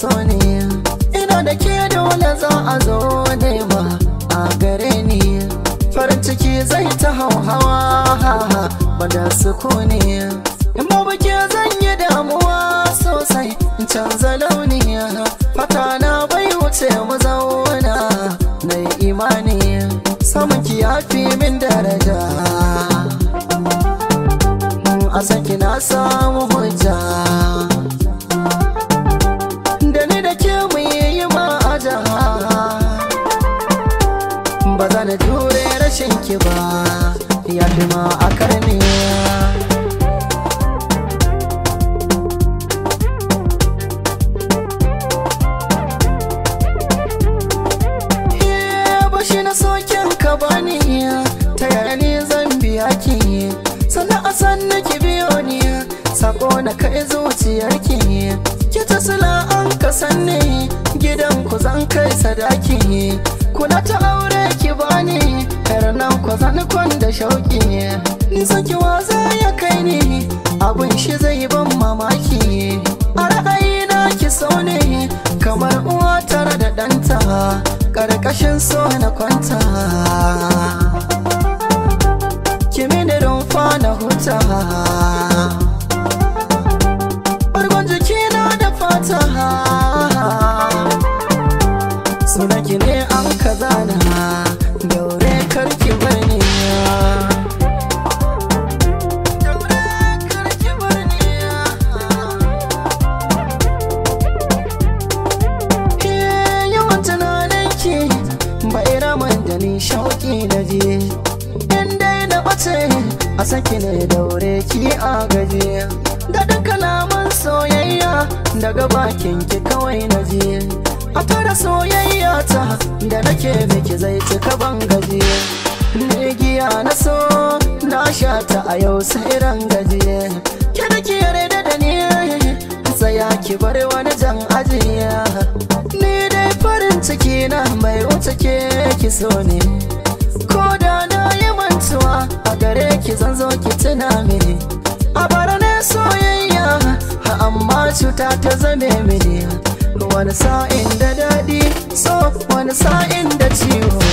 so ne ina da ke dole za a zo nema a gare ni farin ciki zai ta hauhawa ba da suku ne in ba buke zan yi damuwa sosai in canza launi fata na bai wuce mu zauna na yi imani samun kiyafi min daraja a sanki na samu hujja ba zan jure ki ba ya fi a karniya eh, bashi na sokin ka bani ta yaya ne zan biya ki yi a san na ki biyo ni sako na kai zuciyar yi ki ta an ka sanni gidan ku zan kai sadaki kula ta aure ki shauki sakewa za ya kai ni Abun shi zai ban mamaki a na ki sau ne kamar uwa tare da ɗanta ƙarƙashin so na kwanta ki mini rumfa na huta bargon da fata sunaki ne an kazana daure ki na je in dai na bace a saki ne daure ki a gaje da duka naman soyayya daga bakin ki kawai na je a tara soyayya ta da nake miki zai cika ban gaje ne giya na so na sha ta a yau sai ran gaje ki da ki yarda da ni saya ki bar wani jan ajiya ni dai farin ciki na mai wuce ke ki so ne ko da na yi mantuwa a gare ki zan zo ki tuna mini a bara ne soyayya ha amma cuta ta zame mini wani sa'in da daɗi so wani sa'in da ciwo